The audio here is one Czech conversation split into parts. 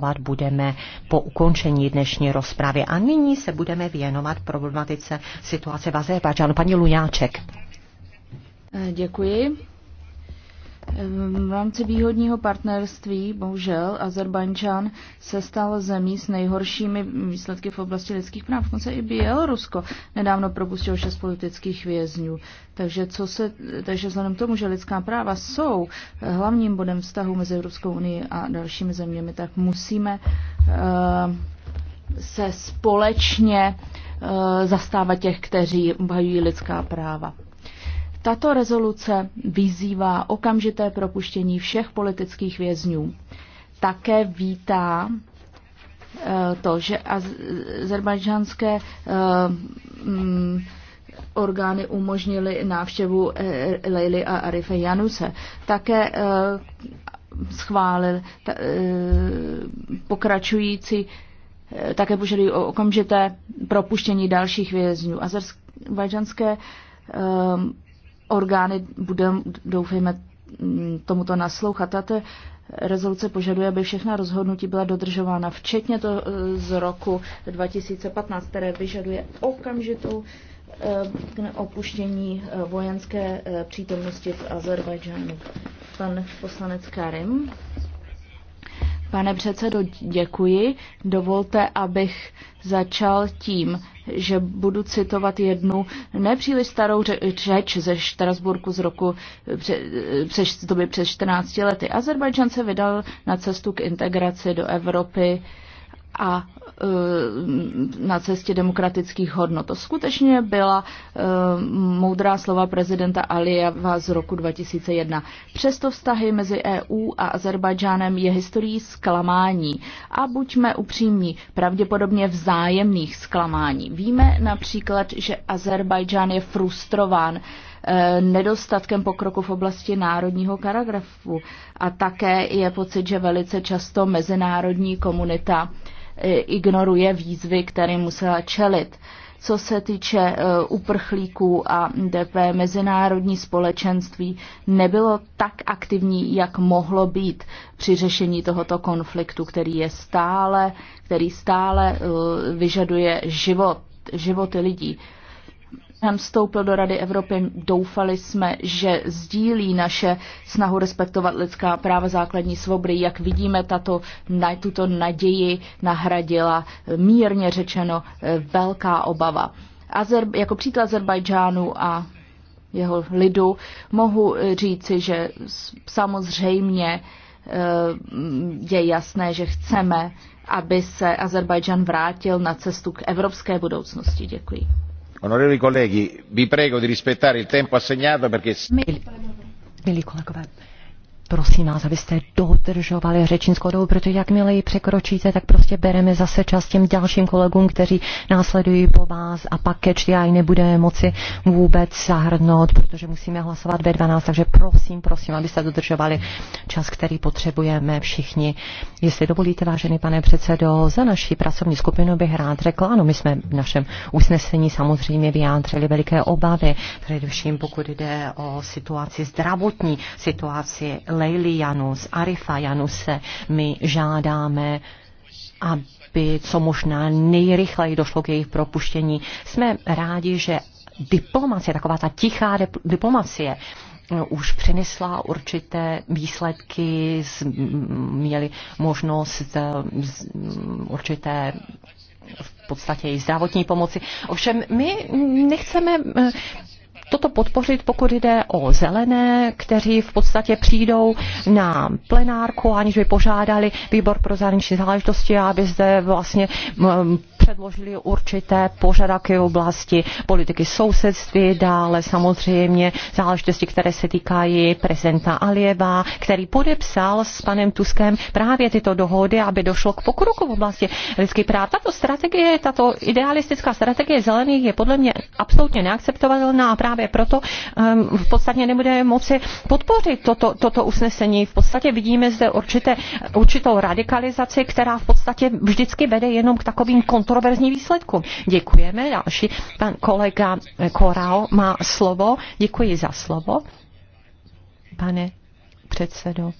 pracovat budeme po ukončení dnešní rozpravy. A nyní se budeme věnovat problematice situace v Azerbajdžánu. Paní Luňáček. Eh, děkuji. V rámci výhodního partnerství, bohužel, Azerbajdžán se stal zemí s nejhoršími výsledky v oblasti lidských práv. konce i Bělorusko nedávno propustilo šest politických vězňů. Takže, co se, takže vzhledem k tomu, že lidská práva jsou hlavním bodem vztahu mezi Evropskou unii a dalšími zeměmi, tak musíme uh, se společně uh, zastávat těch, kteří obhajují lidská práva. Tato rezoluce vyzývá okamžité propuštění všech politických vězňů. Také vítá eh, to, že azerbajdžanské eh, mm, orgány umožnili návštěvu eh, Leily a Arife Januse. Také schválil pokračující také požadují o okamžité propuštění dalších vězňů. Azerbajdžanské orgány budou, doufejme, mm, tomuto naslouchat. Tato rezoluce požaduje, aby všechna rozhodnutí byla dodržována, včetně to e, z roku 2015, které vyžaduje okamžitou e, opuštění e, vojenské přítomnosti v Azerbajdžánu. Pan poslanec Karim. Pane předsedo, děkuji. Dovolte, abych začal tím, že budu citovat jednu nepříliš starou řeč ze Štrasburku z roku přes, to by přes 14 lety. Azerbajdžan se vydal na cestu k integraci do Evropy a e, na cestě demokratických hodnot. To skutečně byla e, moudrá slova prezidenta Alijeva z roku 2001. Přesto vztahy mezi EU a Azerbajdžánem je historií zklamání. A buďme upřímní, pravděpodobně vzájemných zklamání. Víme například, že Azerbajdžán je frustrován e, nedostatkem pokroku v oblasti národního paragrafu. A také je pocit, že velice často mezinárodní komunita E, ignoruje výzvy, které musela čelit. Co se týče e, uprchlíků a DP, mezinárodní společenství nebylo tak aktivní, jak mohlo být při řešení tohoto konfliktu, který je stále, který stále e, vyžaduje život, životy lidí nám vstoupil do Rady Evropy, doufali jsme, že sdílí naše snahu respektovat lidská práva, základní svobody. Jak vidíme, tato, na, tuto naději nahradila eh, mírně řečeno eh, velká obava. Azer, jako příklad Azerbajdžánu a jeho lidu mohu eh, říci, že samozřejmě je jasné, že chceme, aby se Azerbajdžan vrátil na cestu k evropské budoucnosti. Děkuji. Onorevoli colleghi, vi prego di rispettare il tempo assegnato perché prosím vás, abyste dodržovali řečnickou dobu, protože jakmile ji překročíte, tak prostě bereme zase čas těm dalším kolegům, kteří následují po vás a pak ke i nebudeme moci vůbec zahrnout, protože musíme hlasovat ve 12, takže prosím, prosím, abyste dodržovali čas, který potřebujeme všichni. Jestli dovolíte, vážený pane předsedo, za naší pracovní skupinu bych rád řekl, ano, my jsme v našem usnesení samozřejmě vyjádřili veliké obavy, především pokud jde o situaci zdravotní, situaci Leili Janus, Arifa Januse, my žádáme, aby co možná nejrychleji došlo k jejich propuštění. Jsme rádi, že diplomacie, taková ta tichá diplomacie, eh, už přinesla určité výsledky, měli možnost eh, určité v podstatě i zdravotní pomoci. Ovšem my nechceme eh, toto podpořit, pokud jde o zelené, kteří v podstatě přijdou na plenárku, aniž by požádali výbor pro zahraniční záležitosti, aby zde vlastně předložili určité požadavky v oblasti politiky sousedství, dále samozřejmě záležitosti, které se týkají prezidenta Alieva, který podepsal s panem Tuskem právě tyto dohody, aby došlo k pokroku v oblasti lidských práv. Tato strategie, tato idealistická strategie zelených je podle mě absolutně neakceptovatelná a právě proto um, v podstatě nebude moci podpořit toto, toto usnesení. V podstatě vidíme zde určité, určitou radikalizaci, která v podstatě vždycky vede jenom k takovým kontrolům kontroverzní výsledku. Děkujeme. Další pan kolega Korao má slovo. Děkuji za slovo, pane předsedo.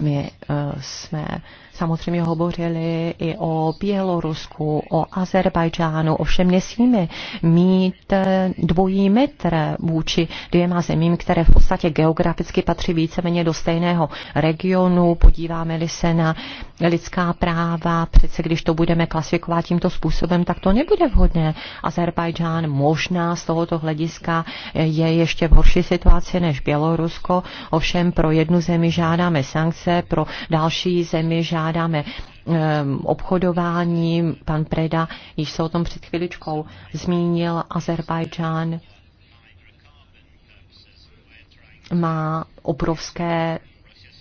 My eh, jsme samozřejmě hovořili i o Bělorusku, o Azerbajdžánu, všem, nesmíme mít eh, dvojí metr vůči dvěma zemím, které v podstatě geograficky patří víceméně do stejného regionu. Podíváme-li se na lidská práva, přece když to budeme klasifikovat tímto způsobem, tak to nebude vhodné. Azerbajdžán možná z tohoto hlediska eh, je ještě v horší situaci než Bělorusko, ovšem pro jednu zemi žádáme sankce, komise pro další zemi žádáme ehm, obchodování. Pan Preda již se o tom před chviličkou zmínil. Azerbajdžán má obrovské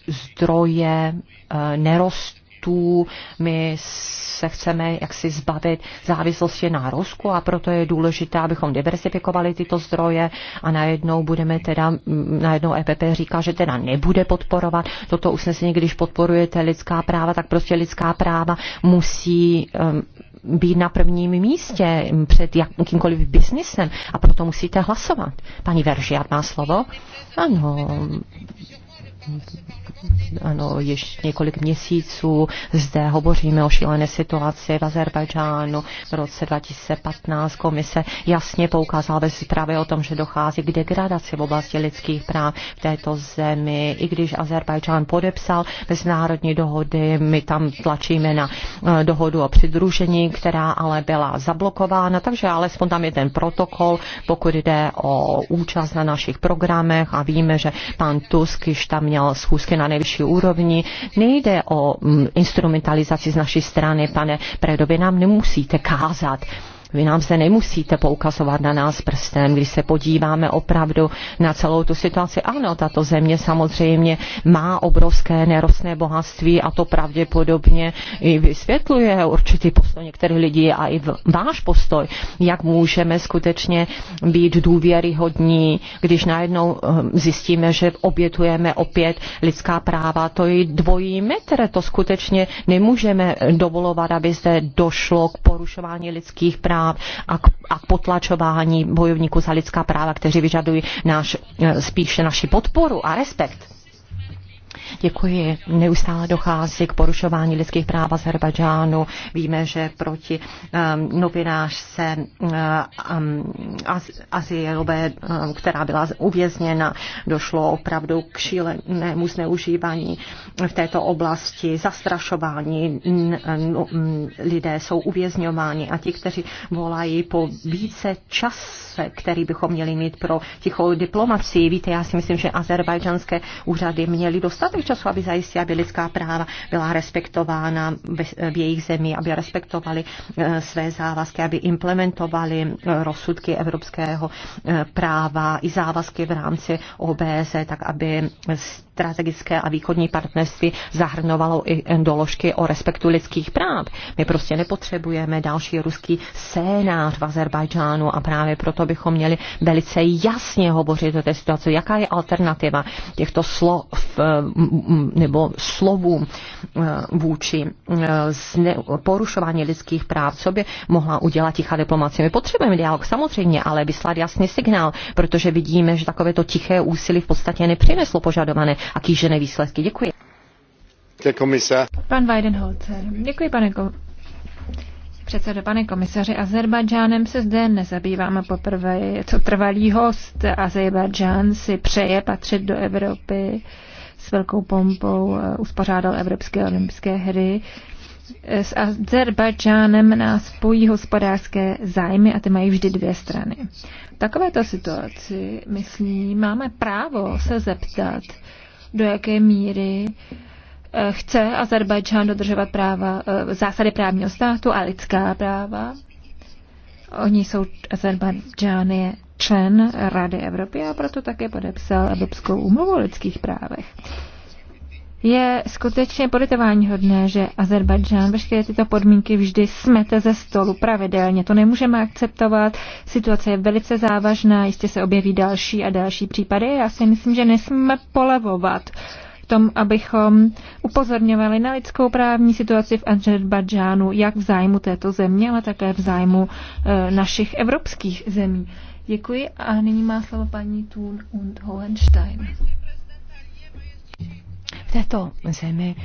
zdroje eh, nerostů produktů. My se chceme jaksi zbavit závislosti na Rusku a proto je důležité, abychom diversifikovali tyto zdroje a najednou budeme teda, mm, najednou EPP říká, že teda nebude podporovat toto usnesení, když podporujete lidská práva, tak prostě lidská práva musí um, být na prvním místě před jakýmkoliv biznisem a proto musíte hlasovat. Paní Veržiat má slovo. Ano, ano, již několik měsíců. Zde hovoříme o šílené situaci v Azerbajdžánu. V roce 2015 komise jasně poukázala ve zprávě o tom, že dochází k degradaci v oblasti lidských práv v této zemi. I když Azerbajdžán podepsal mezinárodní dohody, my tam tlačíme na eh, dohodu o přidružení, která ale byla zablokována, takže alespoň tam je ten protokol, pokud jde o účast na našich programech a víme, že pan Tusk již tam měl schůzky na nejvyšší úrovni. Nejde o mm, instrumentalizaci z naší strany, pane Predovi, nám nemusíte kázat vy nám se nemusíte poukazovat na nás prstem, když se podíváme opravdu na celou tu situaci. Ano, tato země samozřejmě má obrovské nerostné bohatství a to pravděpodobně i vysvětluje určitý postoj některých lidí a i váš postoj, jak můžeme skutečně být důvěryhodní, když najednou ehm, zjistíme, že obětujeme opět lidská práva. To je dvojí metr, to skutečně nemůžeme dovolovat, aby zde došlo k porušování lidských práv práv a k, a k potlačování bojovníků za lidská práva, kteří vyžadují náš, eh, spíše naši podporu a respekt. Děkuji. Neustále dochází k porušování lidských práv Azerbajdžánu. Víme, že proti um, novinářce uh, um, Azielové, um, která byla uvězněna, došlo opravdu k šílenému zneužívání v této oblasti, zastrašování. n, lidé jsou uvězňováni a ti, kteří volají po více čase, který bychom měli mít pro tichou diplomacii. Víte, já si myslím, že azerbajdžanské úřady měly dostat dostatek času, aby zajistili, aby lidská práva byla respektována v jejich zemi, aby respektovali eh, své závazky, aby implementovali eh, rozsudky evropského eh, práva i závazky v rámci OBS, e, tak aby strategické a východní partnerství zahrnovalo i doložky o respektu lidských práv. My prostě nepotřebujeme další ruský scénář v Azerbajdžánu a právě proto bychom měli velice jasně hovořit o té situaci, jaká je alternativa těchto slov eh, nebo slovů eh, vůči eh, porušování lidských práv, co by mohla udělat tichá diplomacie. My potřebujeme dialog samozřejmě, ale vyslat jasný signál, protože vidíme, že takovéto tiché úsilí v podstatě nepřineslo požadované a kýžené výsledky. Děkuji. Pan Weidenholzer. Děkuji, pane ko- předsedo, pane komisaři. Azerbajdžánem se zde nezabýváme poprvé. Je to trvalý host. Azerbajdžán si přeje patřit do Evropy. S velkou pompou eh, uspořádal Evropské olympijské hry. S Azerbajdžánem nás spojí hospodářské zájmy a ty mají vždy dvě strany. V takovéto situaci, myslím, máme právo se zeptat, do jaké míry eh, chce Azerbajdžán dodržovat práva, eh, zásady právního státu a lidská práva. Oni jsou, Azerbajdžán je člen Rady Evropy a proto také podepsal Evropskou úmluvu o lidských právech. Je skutečně politování hodné, že Azerbajdžán veškeré tyto podmínky vždy smete ze stolu pravidelně. To nemůžeme akceptovat. Situace je velice závažná, jistě se objeví další a další případy. Já si myslím, že nesmíme polevovat tom, abychom upozorňovali na lidskou právní situaci v Azerbajdžánu, jak v zájmu této země, ale také v zájmu e, našich evropských zemí. Děkuji a nyní má slovo paní Thun und Hohenstein této zemi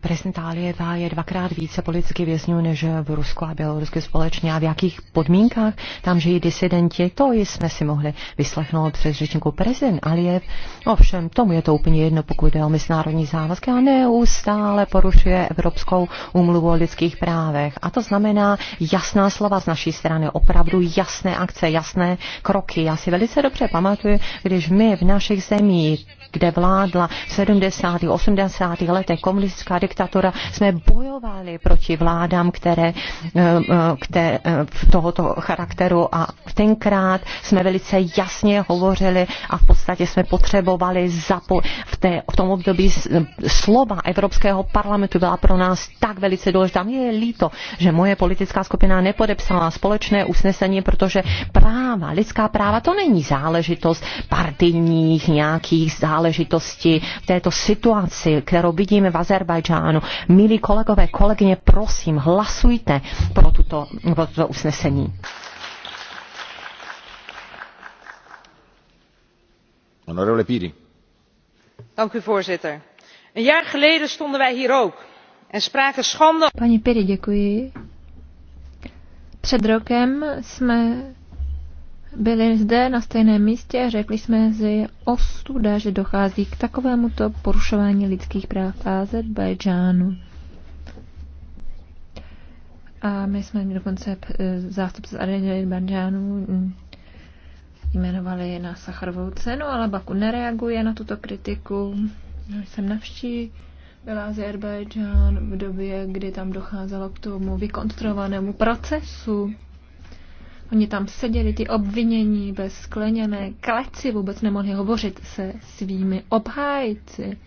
Prezident Alieva je dvakrát více politicky vězňů než v Rusku a Bělorusku společně. A v jakých podmínkách tam žijí disidenti, to jsme si mohli vyslechnout přes řečníku. Prezident Aliev, ovšem, tomu je to úplně jedno, pokud jde o mezinárodní závazky a neustále porušuje Evropskou úmluvu o lidských právech. A to znamená jasná slova z naší strany, opravdu jasné akce, jasné kroky. Já si velice dobře pamatuju, když my v našich zemích, kde vládla v 70. 80. letech komunistická diktatura. Jsme bojovali proti vládám, které, eh, eh, které eh, tohoto charakteru a tenkrát jsme velice jasně hovořili a v podstatě jsme potřebovali zapo- v, té, v tom období slova Evropského parlamentu byla pro nás tak velice důležitá. Mně je líto, že moje politická skupina nepodepsala společné usnesení, protože práva, lidská práva, to není záležitost partijních nějakých záležitostí v této situaci, kterou vidíme v Azerbajdžánu hlasováno. Milí kolegové, kolegyně, prosím, hlasujte pro, tuto, pro tuto usnesení. Honorable Piri. Dank u, voorzitter. Een jaar geleden stonden wij hier ook en spraken schande. Pani Piri, děkuji. Před rokem jsme byli zde na stejném místě a řekli jsme si ostuda, že dochází k takovémuto porušování lidských práv v Azerbajdžánu. A my jsme dokonce eh, zástupce z Azerbajdžánu hm, jmenovali na Sacharovou cenu, ale Baku nereaguje na tuto kritiku. Já jsem navštívila Azerbajdžán v době, kdy tam docházelo k tomu vykonstruovanému procesu Oni tam seděli, ty obvinění bez skleněné kleci, vůbec nemohli hovořit se svými obhájci.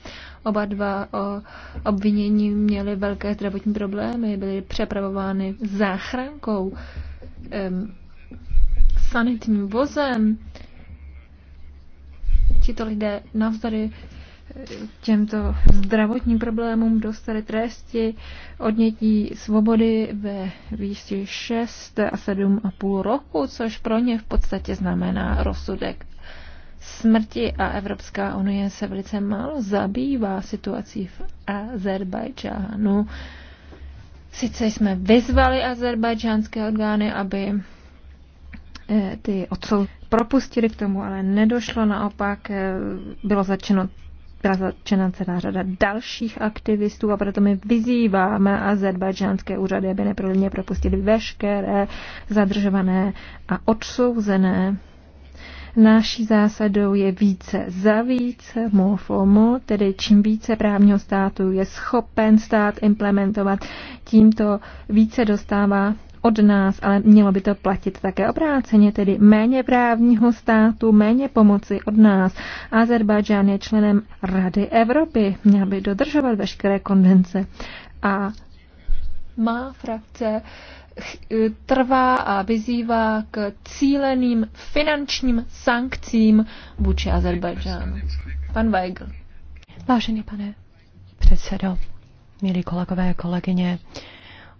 Oba dva o obvinění měli velké zdravotní problémy, byli přepravovány záchrankou, um, sanitním vozem. Tito lidé navzdory těmto zdravotním problémům dostali tresty odnětí svobody ve výši 6 a 7,5 roku, což pro ně v podstatě znamená rozsudek smrti a Evropská unie se velice málo zabývá situací v Azerbajdžánu. Sice jsme vyzvali azerbajdžánské orgány, aby eh, ty odsou propustili k tomu, ale nedošlo. Naopak eh, bylo začeno byla zatčena celá řada dalších aktivistů a proto my vyzýváme azerbajdžánské úřady, aby neprodleně propustili veškeré zadržované a odsouzené. Naší zásadou je více za více, mofomo, tedy čím více právního státu je schopen stát implementovat, tím to více dostává od nás, ale mělo by to platit také obráceně, tedy méně právního státu, méně pomoci od nás. Azerbajdžán je členem Rady Evropy, měl by dodržovat veškeré konvence. A má frakce e, trvá a vyzývá k cíleným finančním sankcím vůči Azerbajdžánu. Pan Weigl. Vážený pane předsedo, milí kolegové a kolegyně,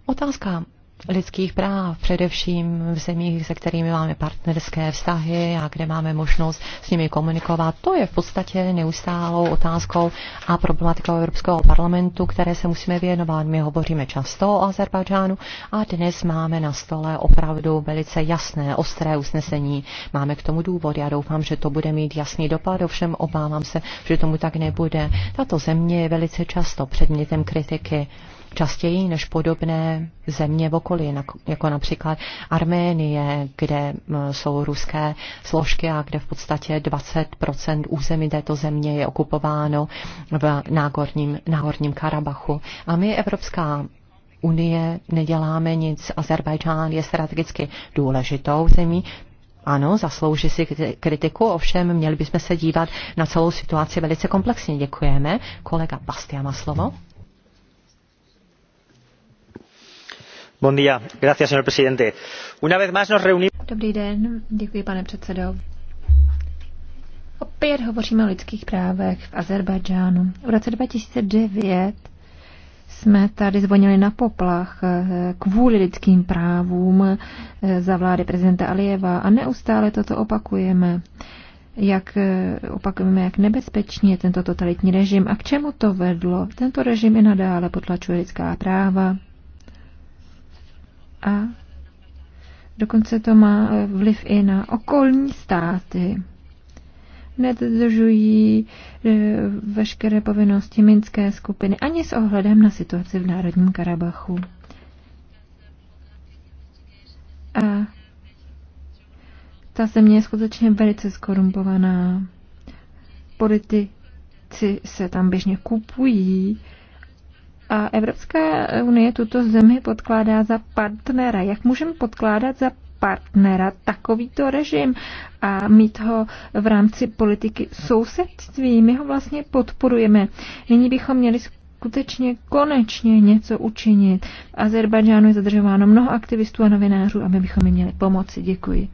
otázka lidských práv, především v zemích, se kterými máme partnerské vztahy a kde máme možnost s nimi komunikovat. To je v podstatě neustálou otázkou a problematikou Evropského parlamentu, které se musíme věnovat. My hovoříme často o Azerbajdžánu a dnes máme na stole opravdu velice jasné, ostré usnesení. Máme k tomu důvod. Já doufám, že to bude mít jasný dopad, ovšem obávám se, že tomu tak nebude. Tato země je velice často předmětem kritiky, častěji než podobné země v okolí kdekoliv, jako například Arménie, kde jsou ruské složky a kde v podstatě 20 území této země je okupováno v náhorním, náhorním Karabachu. A my, Evropská unie, neděláme nic. Azerbajdžán je strategicky důležitou zemí, ano, zaslouží si kritiku, ovšem měli bychom se dívat na celou situaci velice komplexně. Děkujeme. Kolega Bastia má slovo. señor presidente. Una vez más nos reunimos. Dobrý den, děkuji pane předsedo. Opět hovoříme o lidských právech v Azerbajdžánu. V roce 2009 jsme tady zvonili na poplach eh, kvůli lidským právům eh, za vlády prezidenta Alieva a neustále toto opakujeme. Jak eh, opakujeme, jak nebezpečný je tento totalitní režim a k čemu to vedlo. Tento režim i nadále potlačuje lidská práva, a dokonce to má eh, vliv i na okolní státy. Nedržují eh, veškeré povinnosti minské skupiny ani s ohledem na situaci v Národním Karabachu. A ta země je skutečně velice skorumpovaná. Politici se tam běžně kupují, a Evropská unie tuto zemi podkládá za partnera. Jak můžeme podkládat za partnera takovýto režim a mít ho v rámci politiky sousedství? My ho vlastně podporujeme. Nyní bychom měli skutečně konečně něco učinit. V Azerbajdžánu je zadržováno mnoho aktivistů a novinářů a my bychom jim měli pomoci. Děkuji.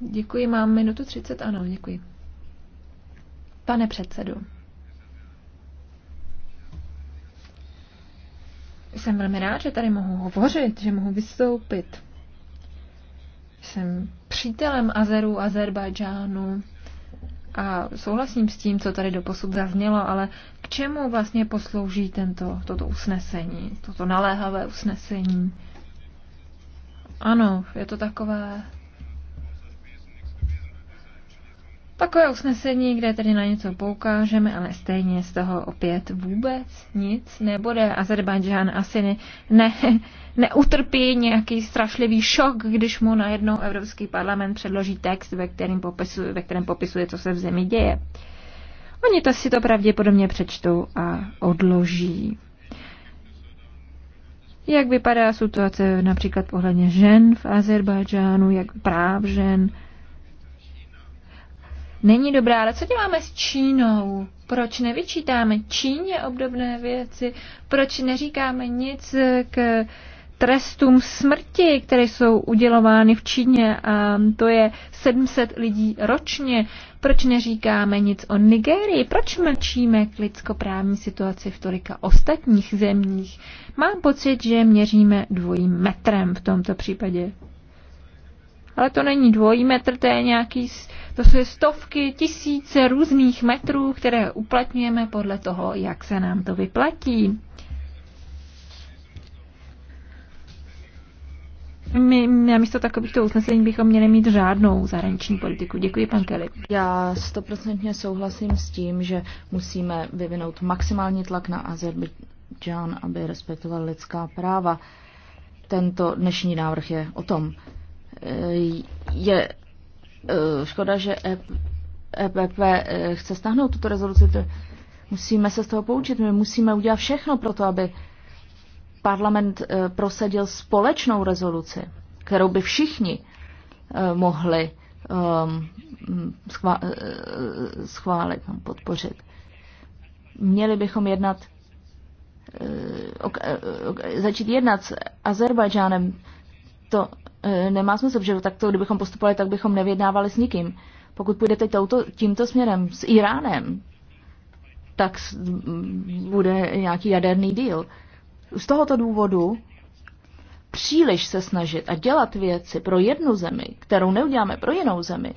Děkuji, mám minutu 30, ano, děkuji. Pane předsedu. Jsem velmi rád, že tady mohu hovořit, že mohu vystoupit. Jsem přítelem Azeru, Azerbajdžánu a souhlasím s tím, co tady doposud zaznělo, ale k čemu vlastně poslouží tento, toto usnesení, toto naléhavé usnesení? Ano, je to takové takové usnesení, kde tedy na něco poukážeme, ale stejně z toho opět vůbec nic nebude. Azerbajdžán asi ne, ne, neutrpí nějaký strašlivý šok, když mu najednou Evropský parlament předloží text, ve kterém popisuje, ve kterém popisuje co se v zemi děje. Oni to si to pravděpodobně přečtou a odloží. Jak vypadá situace například pohledně žen v Azerbajdžánu, jak práv žen, není dobrá. Ale co děláme s Čínou? Proč nevyčítáme Číně obdobné věci? Proč neříkáme nic k trestům smrti, které jsou udělovány v Číně, a to je 700 lidí ročně. Proč neříkáme nic o Nigérii? Proč mlčíme k lidskoprávní situaci v tolika ostatních zemích? Mám pocit, že měříme dvojím metrem v tomto případě ale to není dvojí metr, to je nějaký, to jsou stovky, tisíce různých metrů, které uplatňujeme podle toho, jak se nám to vyplatí. My místo takovýchto usnesení bychom měli mít řádnou zahraniční politiku. Děkuji, pan Kelly. Já stoprocentně souhlasím s tím, že musíme vyvinout maximální tlak na Azerbajdžán, aby respektoval lidská práva. Tento dnešní návrh je o tom. Je eh, škoda, že EPP e eh, chce stáhnout tuto rezoluci. Musíme se z toho poučit. My musíme udělat všechno pro to, aby parlament eh, prosadil společnou rezoluci, kterou by všichni mohli ehm, schválit, podpořit. Měli bychom jednat, začít jednat s Azerbajdžánem. To E, nemá smysl, že takto, kdybychom postupovali, tak bychom nevědnávali s nikým. Pokud půjdete touto, tímto směrem s Iránem, tak bude nějaký jaderný díl. Z tohoto důvodu příliš se snažit a dělat věci pro jednu zemi, kterou neuděláme pro jinou zemi,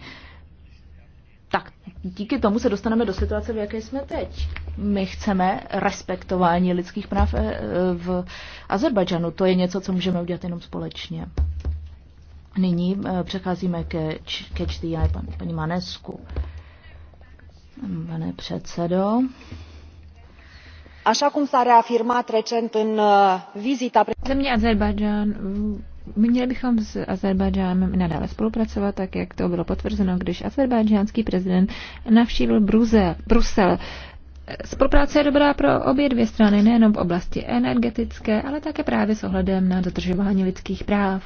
tak díky tomu se dostaneme do situace, v jaké jsme teď. My chceme respektování lidských práv e, e, v Azerbajdžanu. To je něco, co můžeme udělat jenom společně. Nyní eh, přecházíme ke ke the pan, paní Manesku. Pane předsedo. Așa cum s-a reafirmat recent în eh, vizita... Země Azerbajdžán Měli bychom s Azerbajdžánem nadále spolupracovat, tak jak to bylo potvrzeno, když azerbajdžánský prezident navštívil Brusel. Spolupráce je dobrá pro obě dvě strany, nejenom v oblasti energetické, ale také právě s ohledem na dodržování lidských práv.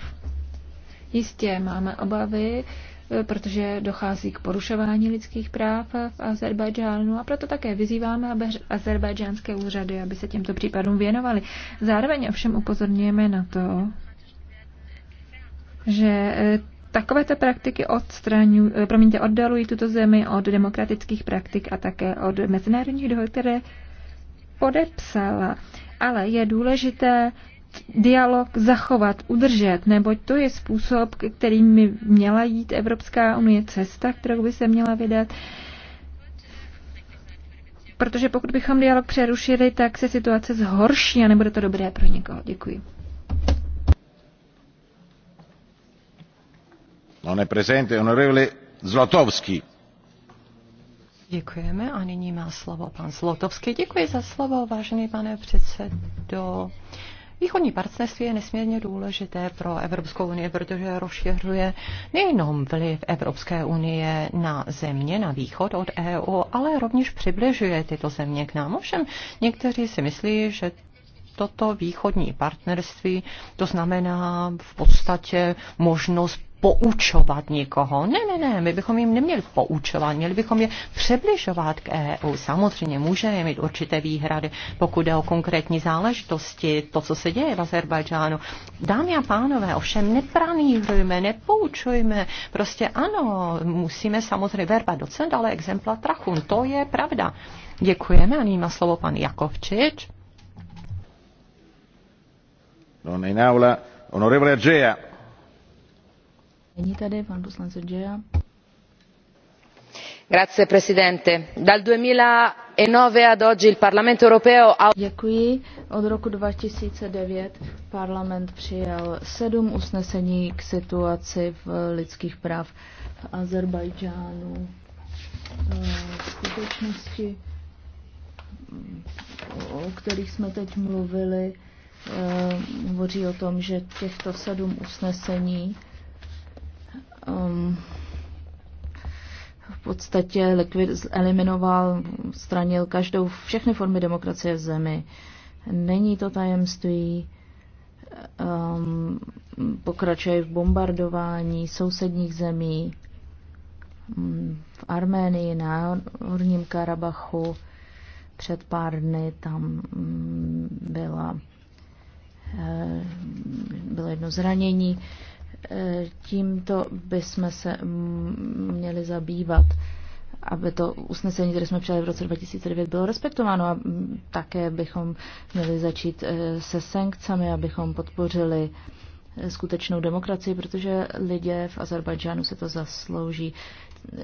Jistě máme obavy, eh, protože dochází k porušování lidských práv v Azerbajdžánu a proto také vyzýváme azerbajdžánské úřady, aby se těmto případům věnovali. Zároveň ovšem upozorňujeme na to, že eh, takovéto praktiky eh, promiňte, oddalují tuto zemi od demokratických praktik a také od mezinárodních dohod, které podepsala. Ale je důležité dialog zachovat, udržet, neboť to je způsob, kterým by měla jít Evropská unie, cesta, kterou by se měla vydat. Protože pokud bychom dialog přerušili, tak se situace zhorší a nebude to dobré pro nikoho. Děkuji. Non è presente, onorevole Zlotowski. Děkujeme a nyní má slovo pan Zlotovský. Děkuji za slovo, vážený pane předsedo. Východní partnerství je nesmírně důležité pro Evropskou unii, protože rozšiřuje nejenom vliv Evropské unie na země na východ od EU, ale rovněž přibližuje tyto země k nám. Ovšem někteří si myslí, že toto východní partnerství, to znamená v podstatě možnost poučovat nikoho. Ne, ne, ne, my bychom jim neměli poučovat, měli bychom je přibližovat k EU. Samozřejmě můžeme mít určité výhrady, pokud je o konkrétní záležitosti, to, co se děje v Azerbajdžánu. Dámy a pánové, ovšem nepranýrujme, nepoučujme, prostě ano, musíme samozřejmě verba docent, ale exempla trachun, to je pravda. Děkujeme a nyní má slovo pan Jakovčič. No, in aula. Onorevole Grazie Presidente. Dal 2009 ad oggi il Parlamento europeo ha... Děkuji. Od roku 2009 parlament přijal sedm usnesení k situaci v lidských práv v Azerbajdžánu. Eh, v skutečnosti, o kterých jsme teď mluvili, eh, hovoří o tom, že těchto sedm usnesení um, v podstatě likvid, eliminoval, stranil každou, všechny formy demokracie v zemi. Není to tajemství, um, pokračuje v bombardování sousedních zemí um, v Arménii, na Horním Karabachu. Před pár dny tam um, byla, uh, bylo jedno zranění. Tímto bychom se měli zabývat, aby to usnesení, které jsme přijali v roce 2009, bylo respektováno a také bychom měli začít eh, se sankcemi, abychom podpořili eh, skutečnou demokracii, protože lidé v Azerbajdžánu se to zaslouží.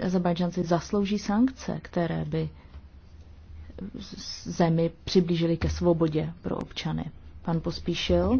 Azerbajdžanci zaslouží sankce, které by zemi přiblížily ke svobodě pro občany. Pan Pospíšil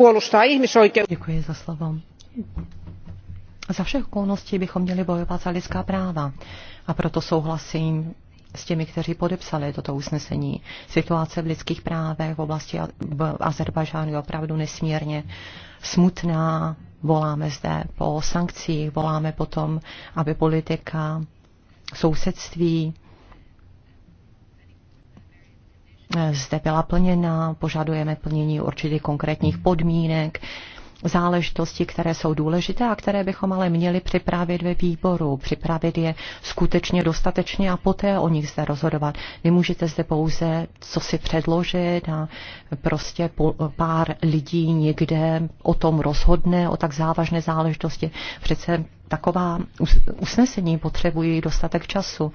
puolustaa ihmisoikeuksia. za Za všech okolností bychom měli bojovat za lidská práva. A proto souhlasím s těmi, kteří podepsali toto usnesení. Situace v lidských právech v oblasti v Azerbažánu je opravdu nesmírně smutná. Voláme zde po sankcích, voláme potom, aby politika sousedství zde byla plněna, požadujeme plnění určitých konkrétních podmínek, záležitosti, které jsou důležité a které bychom ale měli připravit ve výboru, připravit je skutečně dostatečně a poté o nich zde rozhodovat. Vy můžete zde pouze co si předložit a prostě pár lidí někde o tom rozhodne, o tak závažné záležitosti. Přece taková usnesení potřebují dostatek času.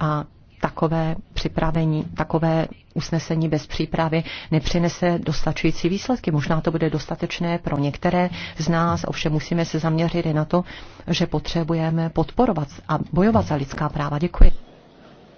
A takové připravení, takové usnesení bez přípravy nepřinese dostačující výsledky. Možná to bude dostatečné pro některé z nás, ovšem musíme se zaměřit i na to, že potřebujeme podporovat a bojovat za lidská práva. Děkuji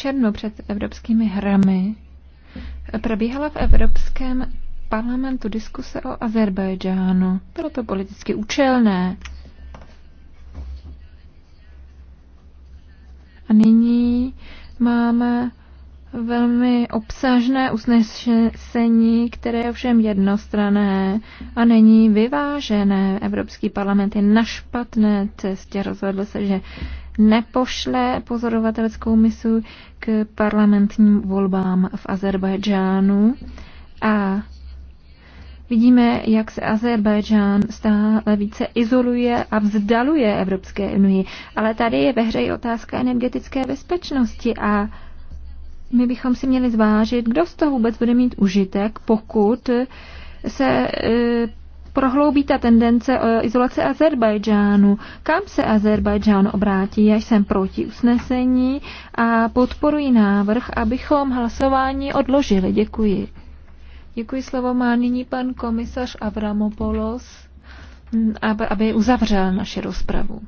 červnu před evropskými hrami probíhala v Evropském parlamentu diskuse o Azerbajdžánu. Bylo to politicky účelné. A nyní máme velmi obsažné usnesení, které je ovšem jednostrané a není vyvážené. Evropský parlament je na špatné cestě. Rozhodl se, že nepošle pozorovatelskou misu k parlamentním volbám v Azerbajdžánu a Vidíme, jak se Azerbajdžán stále více izoluje a vzdaluje Evropské unii. Ale tady je ve hře i otázka energetické bezpečnosti a my bychom si měli zvážit, kdo z toho vůbec bude mít užitek, pokud se eh, prohloubí ta tendence eh, izolace Azerbajdžánu. Kam se Azerbajdžán obrátí? Já jsem proti usnesení a podporuji návrh, abychom hlasování odložili. Děkuji. Děkuji, slovo má nyní pan komisař Avramopoulos, aby uzavřel naši rozpravu.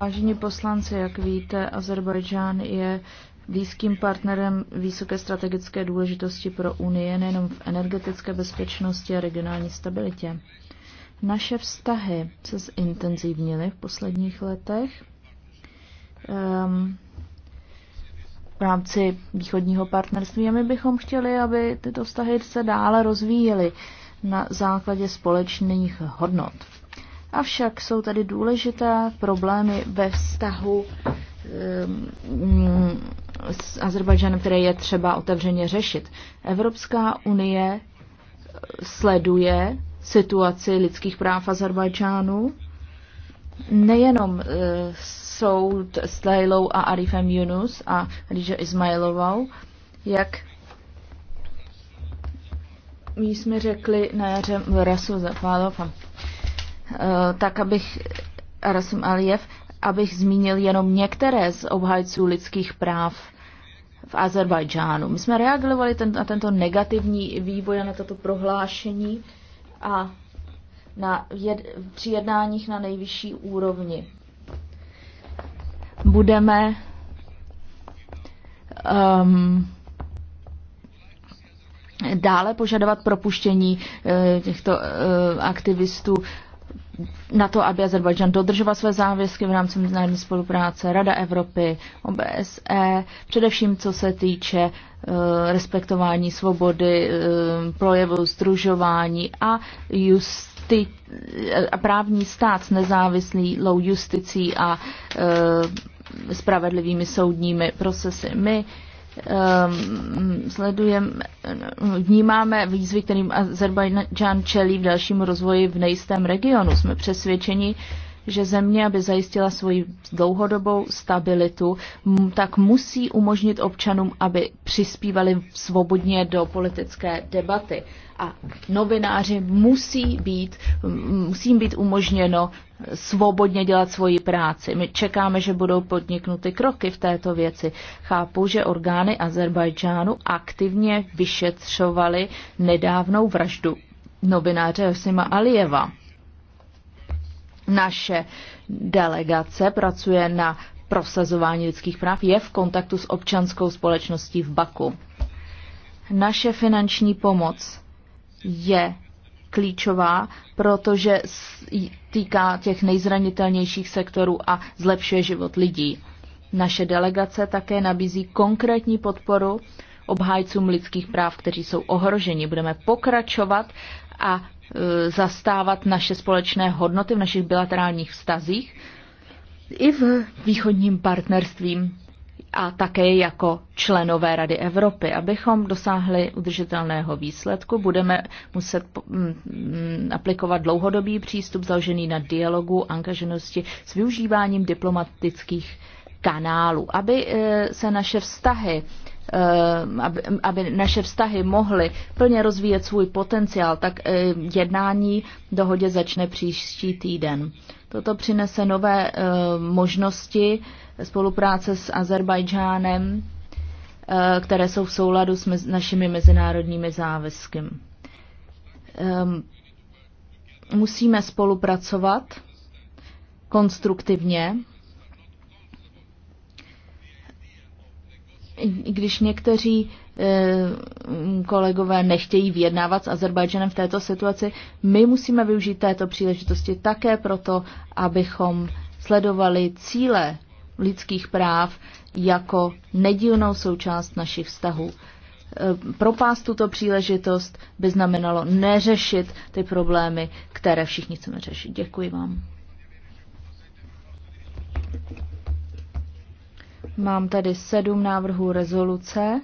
Vážení poslanci, jak víte, Azerbajdžán je blízkým partnerem vysoké strategické důležitosti pro Unie nejenom v energetické bezpečnosti a regionální stabilitě. Naše vztahy se zintenzivnily v posledních letech um, v rámci východního partnerství a my bychom chtěli, aby tyto vztahy se dále rozvíjely na základě společných hodnot. Avšak jsou tady důležité problémy ve vztahu Um, s Azerbajdžanem, které je třeba otevřeně řešit. Evropská unie sleduje situaci lidských práv Azerbajdžánu. Nejenom e, soud s Lailou a Arifem Yunus a Ríže Ismailovou, jak my jsme řekli na jaře Rasu Zapálova, e, eh, tak abych Rasim Aliyev, abych zmínil jenom některé z obhajců lidských práv v Azerbajdžánu. My jsme reagovali ten, na tento negativní vývoj a na toto prohlášení a na jed, při jednáních na nejvyšší úrovni. Budeme um, dále požadovat propuštění uh, těchto uh, aktivistů. Uh, na to, aby Azerbajdžan dodržoval své závězky v rámci mezinárodní spolupráce, Rada Evropy, OBSE, především co se týče eh, respektování svobody, eh, projevu, združování a justi- a právní stát s nezávislou justicí a eh, spravedlivými soudními procesy. My Ehm, sledujeme, vnímáme výzvy, kterým Azerbajdžán čelí v dalším rozvoji v nejistém regionu. Jsme přesvědčeni, že země, aby zajistila svoji dlouhodobou stabilitu, tak musí umožnit občanům, aby přispívali svobodně do politické debaty. A novináři musí být, musí být umožněno svobodně dělat svoji práci. My čekáme, že budou podniknuty kroky v této věci. Chápu, že orgány Azerbajdžánu aktivně vyšetřovaly nedávnou vraždu novináře Josima Alieva naše delegace pracuje na prosazování lidských práv, je v kontaktu s občanskou společností v Baku. Naše finanční pomoc je klíčová, protože týká těch nejzranitelnějších sektorů a zlepšuje život lidí. Naše delegace také nabízí konkrétní podporu obhájcům lidských práv, kteří jsou ohroženi. Budeme pokračovat a Eh, zastávat naše společné hodnoty v našich bilaterálních vztazích i v východním partnerstvím a také jako členové Rady Evropy. Abychom dosáhli udržitelného výsledku, budeme muset aplikovat dlouhodobý přístup založený na dialogu, angaženosti s využíváním diplomatických kanálů, aby eh, se naše vztahy Eh, aby, aby naše vztahy mohly plně rozvíjet svůj potenciál, tak eh, jednání dohodě začne příští týden. Toto přinese nové eh, možnosti spolupráce s Azerbajdžánem, které jsou v souladu s našimi mezinárodními závazky. Musíme spolupracovat konstruktivně když někteří eh, kolegové nechtějí vyjednávat s Azerbajdžanem v této situaci, my musíme využít této příležitosti také proto, abychom sledovali cíle lidských práv jako nedílnou součást našich vztahů. Eh, propást tuto příležitost by znamenalo neřešit ty problémy, které všichni chceme řešit. Děkuji vám. Mám tady sedm návrhů rezoluce.